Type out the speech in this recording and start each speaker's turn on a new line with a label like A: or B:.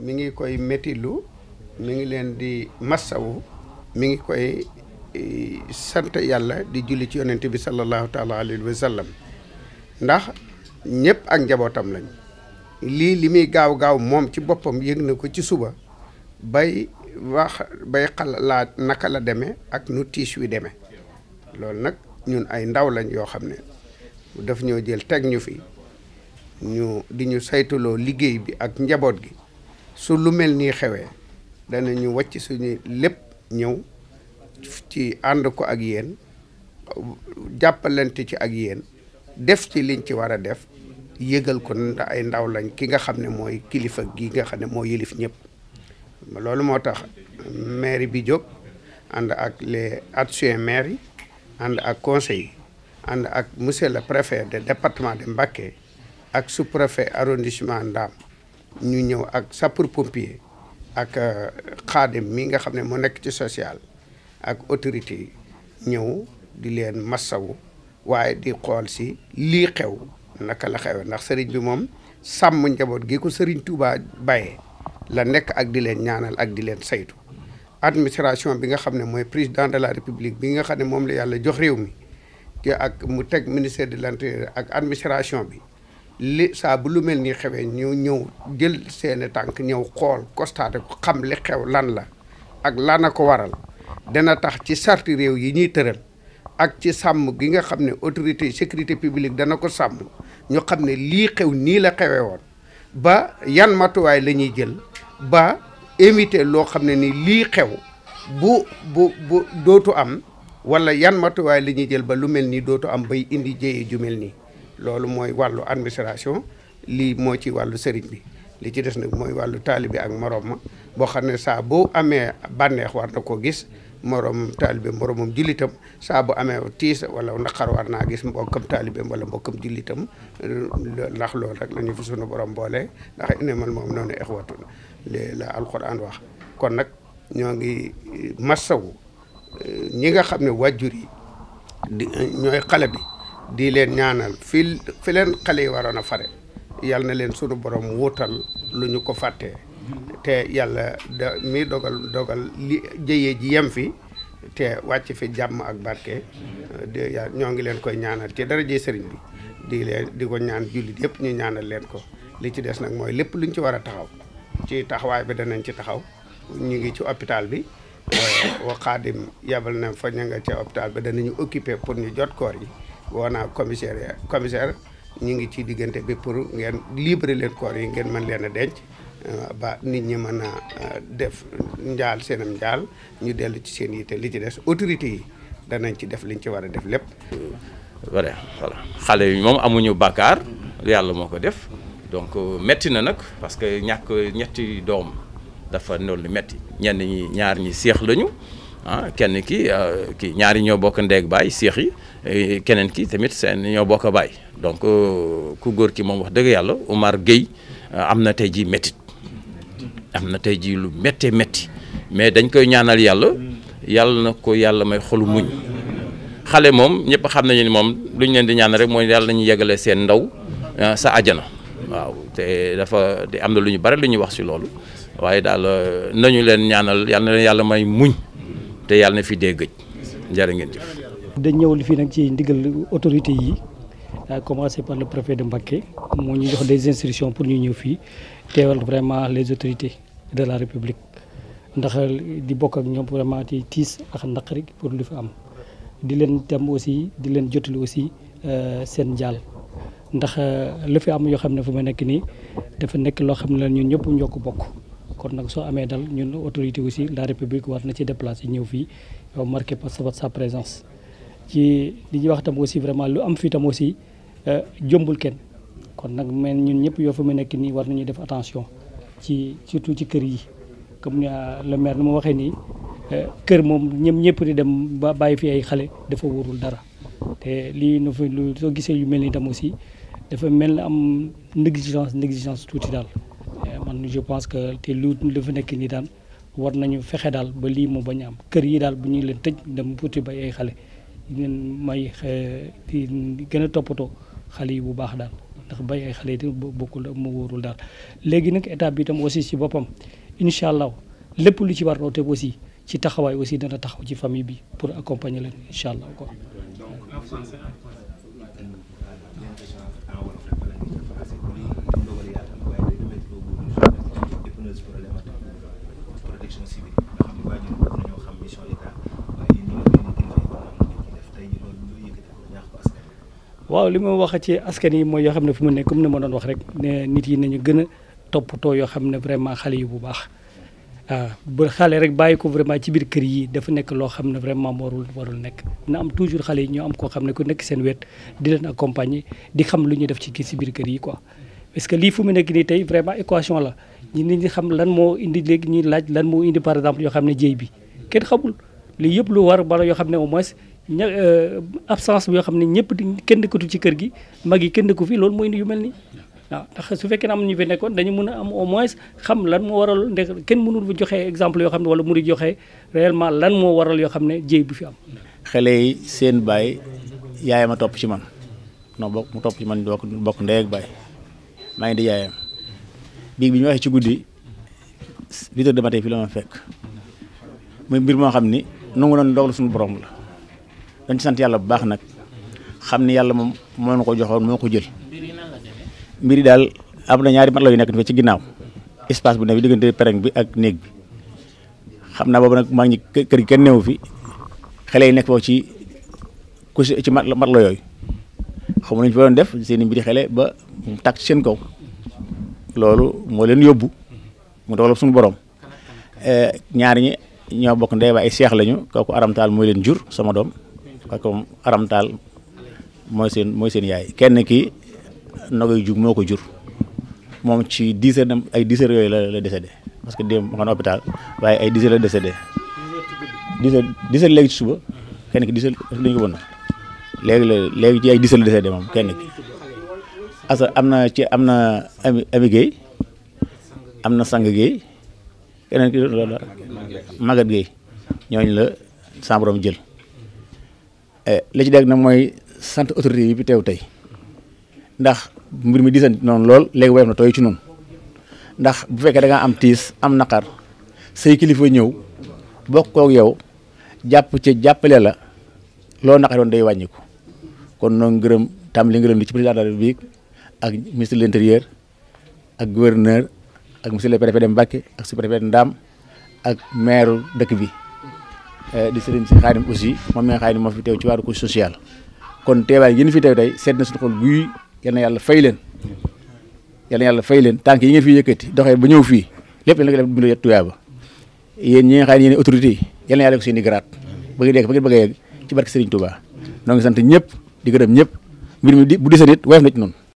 A: mi ngi koy méttilu mu ngi leen di massawu mi ngi koy e, sant yàlla di julli ci yonent bi sallallahu taala alayhi wa sallam ndax ñëpp ak njabootam lañ lii li muy gaaw gaaw moom ci boppam yëg na ko ci suba bay wax bay xalaat naka la demee ak nu tiis wi demee loolu nag ñun ay ndaw lañ yoo xam ne daf ñoo jël teg ñu fi ñu di ñu saytuloo liggéey bi ak njaboot gi su lu mel nii xewee danañu wàcc suñu lépp ñëw ci ànd ko ak yéen jàppalante ci ak yéen def ci liñ ci war a def yëgal ko ay ndaw lañ ki nga xam ne mooy kilifa gi nga xam ne moo yëlif ñëpp loolu moo tax maire bi jóg ànd ak les adjoints maires yi ànd ak conseil yi ànd ak monsieur le préfet de département de Mbacké ak sous-préfet arrondissement Ndam ñu ñëw ak sapour pompier ak xaadim euh, mii nga xam ne moo nekk ci social ak autorité yi ñëw di leen massawu waaye di xool si lii xew naka la xew ndax sëriñ bi moom sàmm njaboot gee ko sëriñ Touba Baye la nekk ak di leen ñaanal ak di leen saytu administration bi nga xam ne mooy président de la république bi nga xam ne moom la yàlla jox réew mi te ak mu teg ministère de l'intérieur ak administration bi li saa bu lu mel ni xewee ñu ñëw jël seeni tànk ñëw xool constaté ko xam li xew lan la ak lan a ko waral dana tax ci sarti réew yi ñuy tëral ak ci sàmm gi nga xam ne autorité sécurité publique dana ko sàmm ñu xam ne lii xew nii la xewee woon ba yan matuwaay lañuy jël ba éviter loo xam ne ni lii xew bu bu bu dootu am wala yan matuwaay la ñuy jël ba lu mel nii dootu am bay indi jéyee ju mel nii loolu mooy wàllu administration lii moo ci wàllu sëriñ bi li ci des nag mooy wàllu taalibe ak moroom ma boo xam ne saa bu amee bànneex war na koo gis moroom taalibe moroomam jullitam saa bu amee tiis wala naqar war naa gis mbokkam taalibeem wala mbokkam jullitam ndax loolu rek la ñu fi sunu borom boole ndax innamal moom noonu ixwatun la alquran wax kon nag ñoo ngi massawu eh, ñi nga xam ne wàjjur yi ñooy xale bi di leen ñaanal fi fi leen xale yi waroon a fare yal na leen sunu borom wuutal lu ñu ko fàttee te yàlla da mi dogal dogal li ji yem fi te wàcc fi jàmm ak barke di ñoo ngi leen koy ñaanal ci dara jee sëriñ bi di leen di ko ñaan jullit yëpp ñu ñaanal leen ko li ci des nag mooy lépp luñ ci war a taxaw ci taxawaay bi danañ ci taxaw ñu ngi ci hôpital bi wa xaadim yabal na fa ña nga ca hôpital ba danañu occupé pour ñu jot koor yi woo naa commissaire commissaire ñu ngi ci diggante bi pour ngeen libérer leen corps yi ngeen mën leen a denc euh, ba nit ñi mën a euh, def njaal seenam njaal ñu dellu ci seen te li ci des autorités yi danañ ci def liñ ci war a def lépp.
B: voilà xale yi moom amuñu bàkkaar yàlla moo ko def donc euh, métti na nag parce que ñàkk ñetti doom dafa noonu metti ñenn ñi ñaar ñi seex lañu. ah kenn ki ah, kii ñaari ñoo bokk ndeeg bàyyi seex yi eh, keneen ki tamit seen ñoo bokk bàyyi donc euh, ku góor ki moom wax dëgg yàlla Umar Gueye ah, am na tey jii métit am na tey jii lu méttee métti mais dañ koy ñaanal yàlla yàlla na ko yàlla may xolu muñ xale moom ñëpp xam nañu ni moom lu ñu leen di ñaan rek mooy yàlla nañu yegale seen ndaw ah, sa ajana waaw te dafa am na lu ñu bari lu ñuy wax si loolu waaye daal euh, nañu leen ñaanal yàlla na yàlla may muñ te yàlla na fi dee gëj jërë ngeen jëf.
C: dañ ñëw li fii nag ci ndigal autorité yi à commencer par le préfet de Mbacké moo ñu jox des instructions pour ñu ñëw fii teewal vraiment les autorités de la République ndax di bokk ak ñoom vraiment ci tiis ak naqari pour lu fi am di leen tam aussi di leen jotali aussi euh, seen jàll. ndax euh, lu fi am yoo xam ne fu ma nekk nii dafa nekk loo xam ne ñun ñëpp ñoo bokk. kon nag soo amee dal ñun autorité aussi la république war na ci déplacé ñëw fii marqué par sa présence ci li ñuy wax tam aussi vraiment lu am fii tam aussi euh, jombul kenn kon nag men ñun ñëpp yoo fa mu nekk nii war nañu def attention ci surtout ci kër yi comme euh, le maire ni ma waxee nii euh, kër moom ñëm ñëpp di dem ba bàyyi fi ay xale dafa wóorul dara te lii nu fi lu soo gisee yu mel ni tam aussi dafa mel na am négligence négligence tuuti daal man je pense que te lu lu fi nekk nii daan war nañu fexe daal ba lii mu bañ am kër yi daal bu ñuy leen tëj dem fuuti bay ay xale ñun may eh, di gën a toppatoo xale yi bu baax daal ndax bay ay xale yi bokkul mu wóorul daal léegi nag état bi tam aussi ci boppam incha allah lépp lu ci war roote aussi ci taxawaay aussi dana taxaw ci famille bi pour accompagner leen incha allah quoi protection waaw li ma wax ci askan yi mooy yoo xam ne fu mu nekk comme na ma doon wax rek ne nit yi nañu gën a toppatoo yoo xam ne vraiment xale yi bu baax waaw ah, bu xale rek bàyyi ko vraiment ci biir kër yi dafa nekk loo xam ne vraiment warul warul nekk na am toujours xale yi ñoo am koo xam ne ku nekk seen wet di leen accompagner di xam lu ñu def ci kii si biir kër yi quoi parce que lii fu mu nekk nii tey vraiment équation la ñi nit xam lan moo indi léegi ñuy laaj lan moo indi par exemple yoo xam ne jéy bi kenn xamul lii yëpp lu war bala yoo xam ne au moins ña euh, absence yoo xam ne ñëpp di kenn nekkatu ci kër gi mag yi kenn nekku fi loolu moo indi yu mel nii waaw ndax su fekkee ne am ñu fi nekkoon dañu mën a am au moins xam lan moo waral ndax kenn mënul bu joxe exemple yoo xam ne wala mënu joxe réellement lan moo waral yoo xam ne jéy bi fi am.
B: xale seen baay yaay ma topp ci man non bokk mu topp ci man bokk bokk ndey ak baay maa ngi di yaayam biig bi ñu waxee ci guddi huit heures de matin ma fekk muy mbir moo xam ni nangu noonu dogal suñu borom la dañ ci sant yàlla bu baax nag xam ni yàlla moom moo na ko joxoon moo ko jël mbir yi daal am na ñaari mat la yu nekk ci ginnaaw espace bu ne bi diggante pereng bi ak néeg bi xam naa boobu nag maa ngi kër gi kenn newu fi xale yi nekk foofu ci ku ci mat la mat la yooyu xamu doon def seen mbiri xale ba mu tàkk seen kaw loolu moo leen yóbbu mu dogal suñu borom eh, ñaar ñi ñoo bokk ndey ba ay seex lañu kooku aramtaal mooy leen jur sama doom kooku aramtaal mooy seen mooy seen yaay kenn ki nogay jug moo ko jur moom ci dix heures ay dix heures yooyu la la décédé parce que démb ma xam hôpital waaye ay dix heures la décédé dix léegi ci suba kenn ki dix léegi la léegi ci ay dix la décédé moom kenn ki asa am na ci am na ami ami am na sang Guèye keneen ki loolu la Maguette Guèye la sa jël e, li ci dégg nag mooy sant autorité yi bi teew tey ndax mbir mi disan noonu lool léegi woyof na tooy ci noonu ndax bu fekkee da am tiis am naqar say kilifa ñëw bokkoo kook yow jàpp ci jàppale la loo naqar woon day wàññiku kon noonu ngërëm tam li ngërëm li ci président de ak ministre de l'intérieur ak gouverneur ak monsieur le préfet de Mbacké ak sous-préfet Ndam ak maire dëkk bi eh, di sëriñ si Xaadim moom mi nga moo fi teew ci wàllu couche sociale kon teewaay yéen fi teew tey seet na suñu xol guy yal na yàlla fay leen yal yàlla fay leen tànk yi ngeen fi yëkkati doxee ba ñëw fii lépp yal na ko def bindu tuyaa ba yéen ñi nga xam ne yéen autorités yal na yàlla ko seen i garaat bëgg dégg bëgg bëgg yegg ci barke Serigne Touba noo ngi sant ñëpp di gërëm ñëpp mbir mi bu disa nit woyof na ci noonu